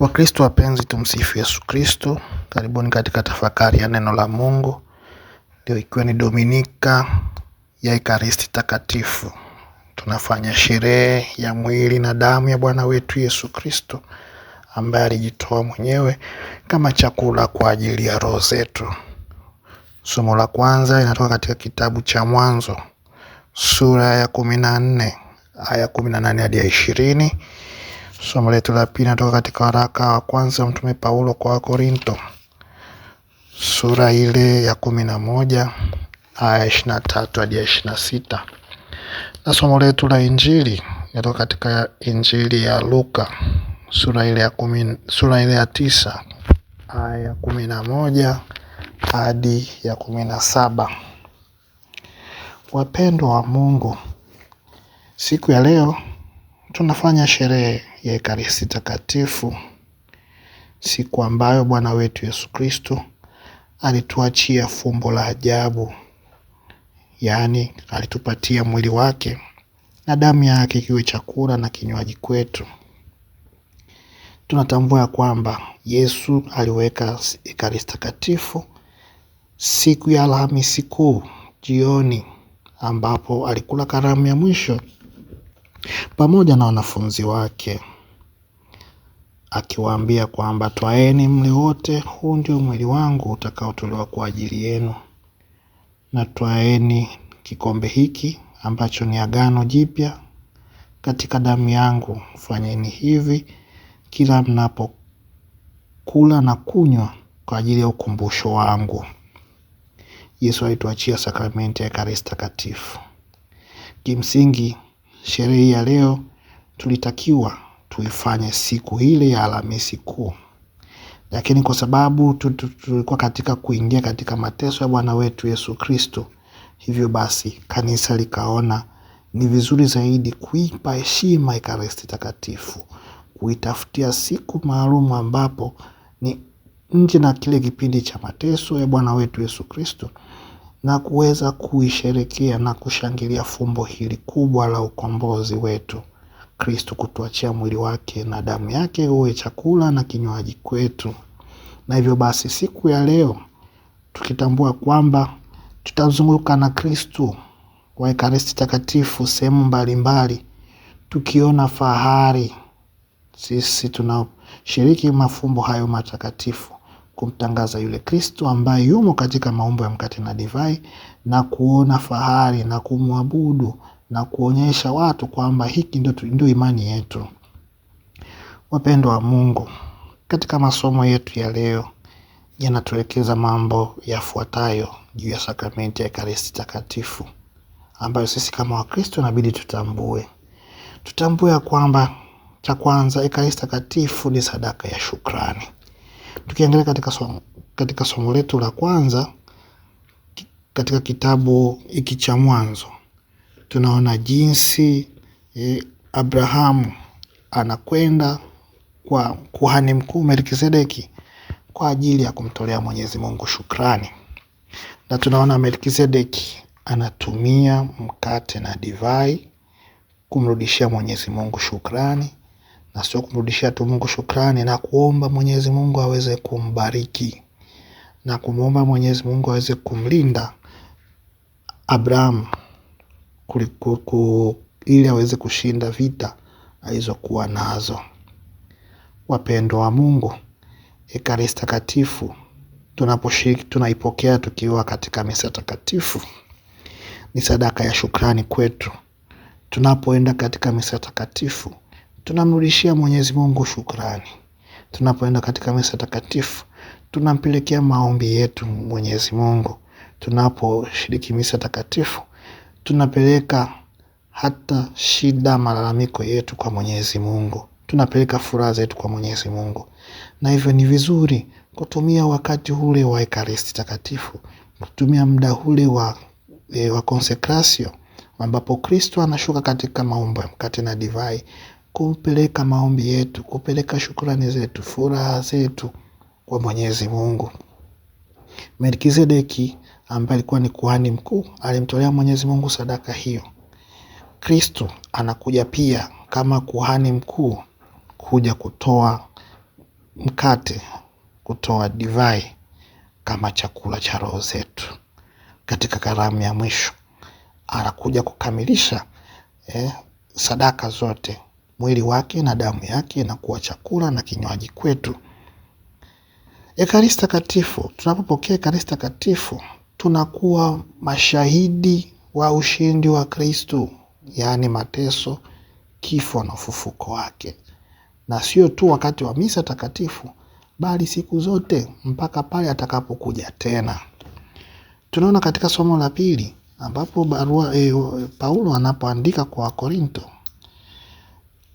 Wakristo wapenzi, tumsifu Yesu Kristo. Karibuni katika tafakari ya neno la Mungu, ndio ikiwa ni Dominika ya Ekaristi Takatifu. Tunafanya sherehe ya mwili na damu ya Bwana wetu Yesu Kristo ambaye alijitoa mwenyewe kama chakula kwa ajili ya roho zetu. Somo la kwanza linatoka katika kitabu cha Mwanzo sura ya kumi na nne aya kumi na nane hadi ya ishirini. Somo letu la pili natoka katika waraka wa kwanza mtume Paulo kwa korinto sura ile ya kumi na moja aya ishirini na tatu hadi ya ishirini na sita na somo letu la Injili natoka katika Injili ya Luka sura ile ya kumi, sura ile ya tisa aya ya kumi na moja hadi ya kumi na saba. Wapendwa wa Mungu, siku ya leo Tunafanya sherehe ya ekaristi takatifu, siku ambayo Bwana wetu Yesu Kristo alituachia fumbo la ajabu, yaani alitupatia mwili wake na damu yake kiwe chakula na kinywaji kwetu. Tunatambua ya kwamba Yesu aliweka ekaristi takatifu siku ya Alhamisi Kuu jioni, ambapo alikula karamu ya mwisho pamoja na wanafunzi wake, akiwaambia kwamba twaeni mle wote, huu ndio mwili wangu utakaotolewa kwa ajili yenu, na twaeni kikombe hiki ambacho ni agano jipya katika damu yangu. Fanyeni hivi kila mnapokula na kunywa kwa ajili ya ukumbusho wangu. Yesu alituachia sakramenti ya Ekaristi Takatifu kimsingi sherehe ya leo tulitakiwa tuifanye siku ile ya Alhamisi Kuu, lakini kwa sababu tulikuwa katika kuingia katika mateso ya Bwana wetu Yesu Kristo, hivyo basi kanisa likaona ni vizuri zaidi kuipa heshima Ekaristi Takatifu, kuitafutia siku maalum ambapo ni nje na kile kipindi cha mateso ya Bwana wetu Yesu Kristo na kuweza kuisherekea na kushangilia fumbo hili kubwa la ukombozi wetu, Kristo kutuachia mwili wake na damu yake uwe chakula na kinywaji kwetu. Na hivyo basi, siku ya leo tukitambua kwamba tutazunguka na Kristo wa Ekaristi Takatifu sehemu mbalimbali, tukiona fahari sisi tunaoshiriki mafumbo hayo matakatifu kumtangaza yule Kristo ambaye yumo katika maumbo ya mkate na divai, na kuona fahari na kumwabudu na kuonyesha watu kwamba hiki ndio ndio imani yetu. Wapendwa wa Mungu, katika masomo yetu ya leo yanatuelekeza mambo yafuatayo juu ya sakramenti ya Ekaristi Takatifu ambayo sisi kama Wakristo inabidi tutambue. Tutambue ya kwamba cha kwanza, Ekaristi Takatifu ni sadaka ya shukrani. Tukiangalia katika somo, katika somo letu la kwanza katika kitabu hiki cha Mwanzo tunaona jinsi eh, Abrahamu anakwenda kwa kuhani mkuu Melkizedeki kwa ajili ya kumtolea Mwenyezi Mungu shukrani, na tunaona Melkizedeki anatumia mkate na divai kumrudishia Mwenyezi Mungu shukrani na sio kumrudishia tu Mungu shukrani na kuomba Mwenyezi Mungu aweze kumbariki na kumwomba Mwenyezi Mungu aweze kumlinda Abraham ili aweze kushinda vita alizokuwa nazo. wapendo wa Mungu, Ekaristi Takatifu tunaposhiriki tunaipokea tukiwa katika misa takatifu, ni sadaka ya shukrani kwetu. Tunapoenda katika misa takatifu Tunamrudishia Mwenyezi Mungu shukrani. Tunapoenda katika misa takatifu, tunampelekea maombi yetu Mwenyezi Mungu. Tunaposhiriki misa takatifu, tunapeleka hata shida, malalamiko yetu kwa Mwenyezi Mungu, tunapeleka furaha zetu kwa Mwenyezi Mungu. Na hivyo ni vizuri kutumia wakati ule wa Ekaristi takatifu, kutumia muda ule wa, e, wa konsekrasio ambapo Kristo anashuka katika maumbo ya mkate na divai kupeleka maombi yetu, kupeleka shukrani zetu, furaha zetu kwa Mwenyezi Mungu. Melkizedeki ambaye alikuwa ni kuhani mkuu alimtolea Mwenyezi Mungu sadaka hiyo. Kristo anakuja pia kama kuhani mkuu kuja kutoa mkate, kutoa divai kama chakula cha roho zetu. Katika karamu ya mwisho anakuja kukamilisha eh, sadaka zote mwili wake na damu yake na kuwa chakula na kinywaji kwetu. Ekaristi Takatifu, tunapopokea Ekaristi Takatifu tunakuwa mashahidi wa ushindi wa Kristu, yaani mateso, kifo na ufufuko wake, na sio tu wakati wa misa takatifu, bali siku zote mpaka pale atakapokuja tena. Tunaona katika somo la pili ambapo barua e, Paulo anapoandika kwa Wakorinto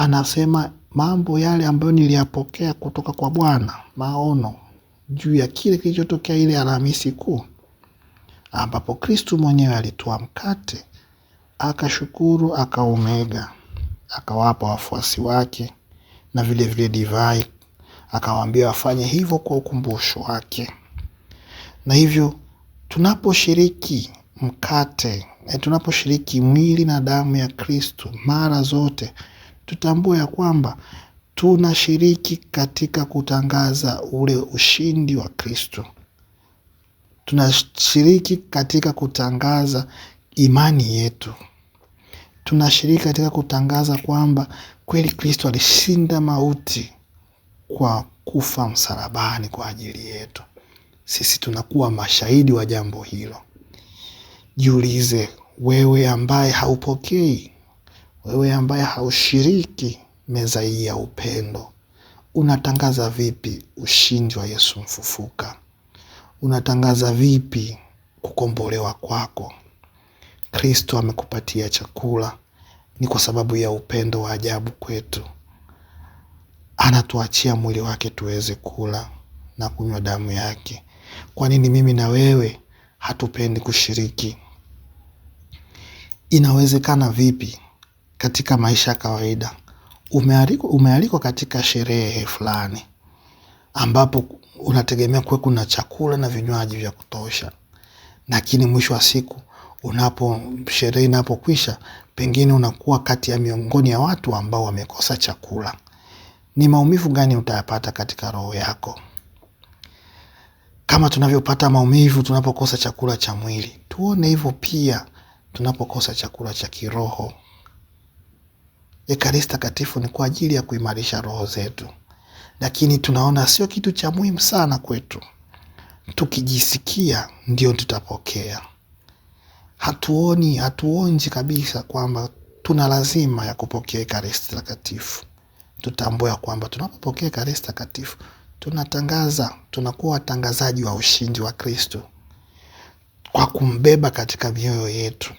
anasema mambo yale ambayo niliyapokea kutoka kwa Bwana, maono juu ya kile kilichotokea ile Alhamisi Kuu, ambapo Kristu mwenyewe alitoa mkate akashukuru, akaumega, akawapa wafuasi wake na vile vile divai, akawaambia wafanye hivyo kwa ukumbusho wake. Na hivyo tunaposhiriki mkate, eh, tunaposhiriki mwili na damu ya Kristu mara zote tutambue ya kwamba tunashiriki katika kutangaza ule ushindi wa Kristo, tunashiriki katika kutangaza imani yetu, tunashiriki katika kutangaza kwamba kweli Kristo alishinda mauti kwa kufa msalabani kwa ajili yetu. Sisi tunakuwa mashahidi wa jambo hilo. Jiulize wewe ambaye haupokei wewe ambaye haushiriki meza hii ya upendo, unatangaza vipi ushindi wa Yesu mfufuka? Unatangaza vipi kukombolewa kwako? Kristo amekupatia chakula, ni kwa sababu ya upendo wa ajabu kwetu. Anatuachia mwili wake tuweze kula na kunywa damu yake. Kwa nini mimi na wewe hatupendi kushiriki? Inawezekana vipi katika maisha ya kawaida. Umealikwa katika sherehe fulani ambapo unategemea kuwe kuna chakula na vinywaji vya kutosha. Lakini mwisho wa siku unapo sherehe inapokwisha pengine unakuwa kati ya miongoni ya watu ambao wamekosa chakula. Ni maumivu gani utayapata katika roho yako? Kama tunavyopata maumivu tunapokosa chakula cha mwili, tuone hivyo pia tunapokosa chakula cha kiroho. Ekaristi Takatifu ni kwa ajili ya kuimarisha roho zetu, lakini tunaona sio kitu cha muhimu sana kwetu. Tukijisikia ndio tutapokea. Hatuoni, hatuonji kabisa kwamba tuna lazima ya kupokea Ekaristi Takatifu. Tutambua kwamba tunapopokea Ekaristi Takatifu tunatangaza, tunakuwa watangazaji wa ushindi wa Kristo kwa kumbeba katika mioyo yetu,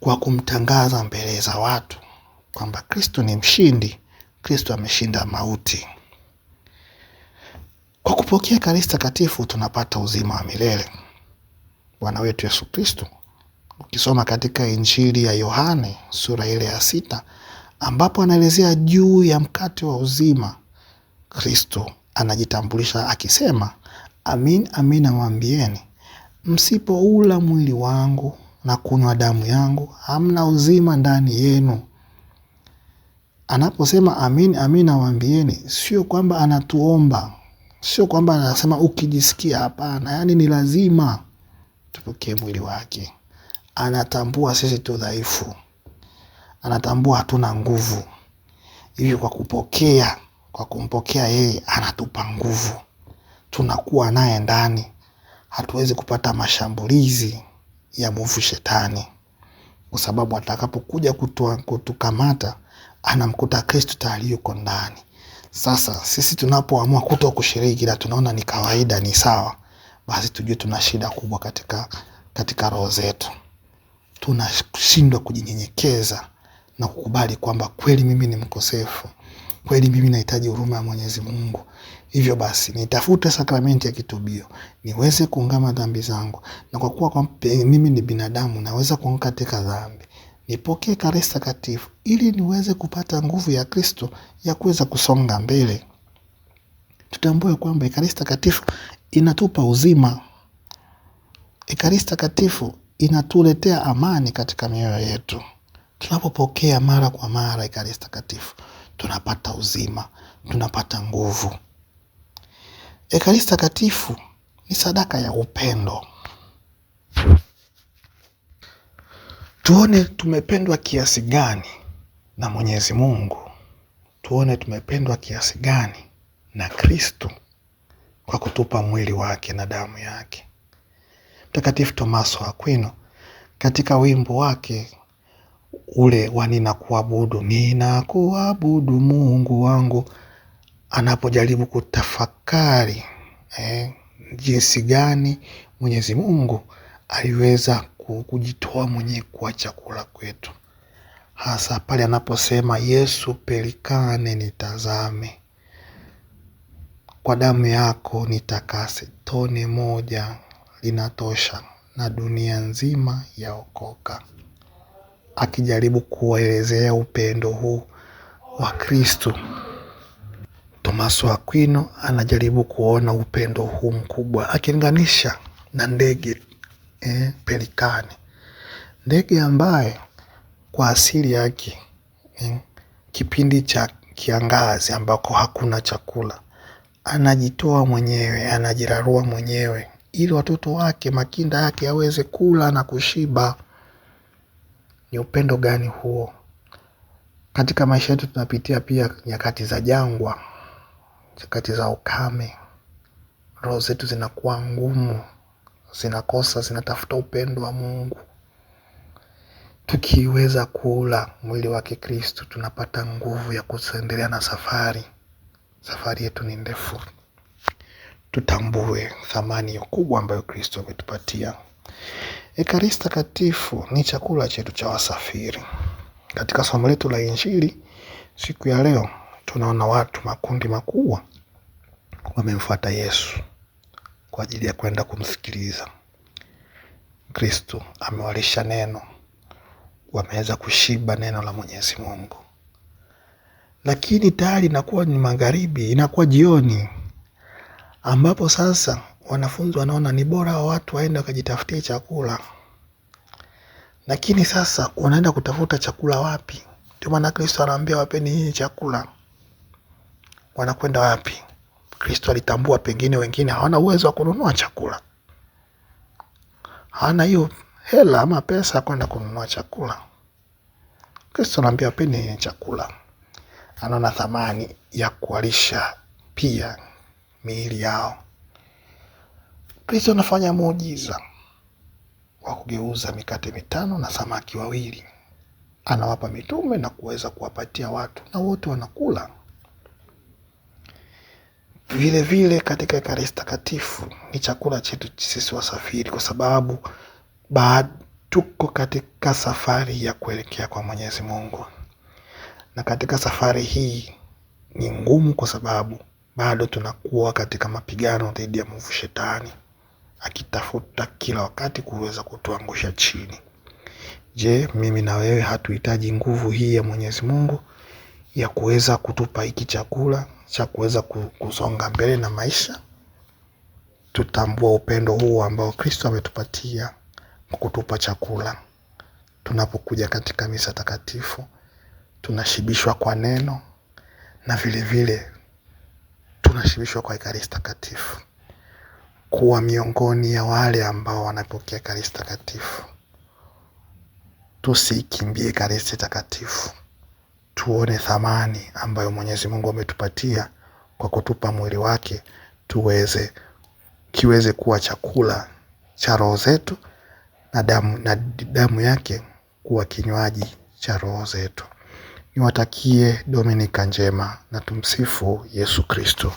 kwa kumtangaza mbele za watu kwamba Kristo ni mshindi, Kristo ameshinda mauti. Kwa kupokea Ekaristi Takatifu tunapata uzima wa milele. Bwana wetu Yesu Kristo, ukisoma katika Injili ya Yohane sura ile ya sita, ambapo anaelezea juu ya mkate wa uzima, Kristo anajitambulisha akisema, amin amin, amwambieni msipoula mwili wangu na kunywa damu yangu hamna uzima ndani yenu. Anaposema amin amin, nawaambieni, sio kwamba anatuomba, sio kwamba anasema ukijisikia. Hapana, yani ni lazima tupokee mwili wake. Anatambua sisi tu dhaifu, anatambua hatuna nguvu. Hivyo kwa kupokea, kwa kumpokea yeye anatupa nguvu, tunakuwa naye ndani, hatuwezi kupata mashambulizi ya mwovu shetani, kwa sababu atakapokuja kutukamata anamkuta Kristo tayari yuko ndani. Sasa sisi tunapoamua kuto kushiriki na tunaona ni kawaida, ni sawa, basi tujue tuna shida kubwa katika, katika roho zetu. Tunashindwa kujinyenyekeza na kukubali kwamba kweli mimi ni mkosefu, kweli mimi nahitaji huruma ya Mwenyezi Mungu. Hivyo basi nitafute sakramenti ya kitubio niweze kuungama dhambi zangu, na kwa kuwa kwa mimi ni binadamu naweza kuanguka katika dhambi, nipokee karisi takatifu ili niweze kupata nguvu ya Kristo ya kuweza kusonga mbele. Tutambue kwamba Ekaristi takatifu inatupa uzima. Ekaristi takatifu inatuletea amani katika mioyo yetu. Tunapopokea mara kwa mara Ekaristi takatifu, tunapata uzima, tunapata nguvu. Ekaristi takatifu ni sadaka ya upendo. Tuone tumependwa kiasi gani na Mwenyezi Mungu, tuone tumependwa kiasi gani na Kristo kwa kutupa mwili wake na damu yake. Mtakatifu Tomaso wa Akwino katika wimbo wake ule wa ninakuabudu, ninakuabudu Mungu wangu, anapojaribu kutafakari eh, jinsi gani Mwenyezi Mungu aliweza kujitoa mwenyewe kwa chakula kwetu, hasa pale anaposema Yesu, pelikane nitazame, kwa damu yako nitakase. Tone moja linatosha na dunia nzima yaokoka. Akijaribu kuwaelezea upendo huu wa Kristo, Tomaso Aquino anajaribu kuona upendo huu mkubwa akilinganisha na ndege eh, pelikani, ndege ambaye kwa asili yake eh, kipindi cha kiangazi ambako hakuna chakula anajitoa mwenyewe, anajirarua mwenyewe ili watoto wake makinda yake aweze kula na kushiba. Ni upendo gani huo? Katika maisha yetu tunapitia pia nyakati za jangwa, nyakati za ukame, roho zetu zinakuwa ngumu zinakosa, zinatafuta upendo wa Mungu. Tukiweza kuula mwili wa Kikristo tunapata nguvu ya kuendelea na safari. Safari yetu ni ndefu. Tutambue thamani ya kubwa ambayo Kristo ametupatia. Ekaristi Takatifu ni chakula chetu cha wasafiri. Katika somo letu la Injili siku ya leo, tunaona watu makundi makubwa wamemfuata Yesu kwa ajili ya kwenda kumsikiliza Kristo. Amewalisha neno, wameweza kushiba neno la Mwenyezi Mungu, lakini tayari inakuwa ni magharibi, inakuwa jioni, ambapo sasa wanafunzi wanaona ni bora wa watu waende wakajitafutie chakula. Lakini sasa wanaenda kutafuta chakula wapi? Ndio maana Kristo anawaambia wapeni hii chakula. Wanakwenda wapi? Kristo alitambua pengine wengine hawana uwezo wa kununua chakula, hawana hiyo hela ama pesa kwenda kununua chakula. Kristo anaambia wapeni ni chakula, anaona thamani ya kuwalisha pia miili yao. Kristo anafanya muujiza wa kugeuza mikate mitano na samaki wawili, anawapa mitume na kuweza kuwapatia watu, na wote wanakula. Vile vile katika Ekaristi Takatifu ni chakula chetu sisi wasafiri kwa sababu tuko katika safari ya kuelekea kwa Mwenyezi Mungu. Na katika safari hii ni ngumu kwa sababu bado tunakuwa katika mapigano dhidi ya mvu shetani akitafuta kila wakati kuweza kutuangusha chini. Je, mimi na wewe hatuhitaji nguvu hii ya Mwenyezi Mungu ya kuweza kutupa hiki chakula cha kuweza kusonga mbele na maisha. Tutambua upendo huu ambao Kristo ametupatia kwa kutupa chakula. Tunapokuja katika misa takatifu, tunashibishwa kwa neno na vile vile tunashibishwa kwa Ekaristi takatifu, kuwa miongoni ya wale ambao wanapokea Ekaristi takatifu. tusikimbie Ekaristi takatifu tuone thamani ambayo mwenyezi mungu ametupatia kwa kutupa mwili wake tuweze kiweze kuwa chakula cha roho zetu na damu, na damu yake kuwa kinywaji cha roho zetu. Niwatakie Dominika njema na tumsifu Yesu Kristo.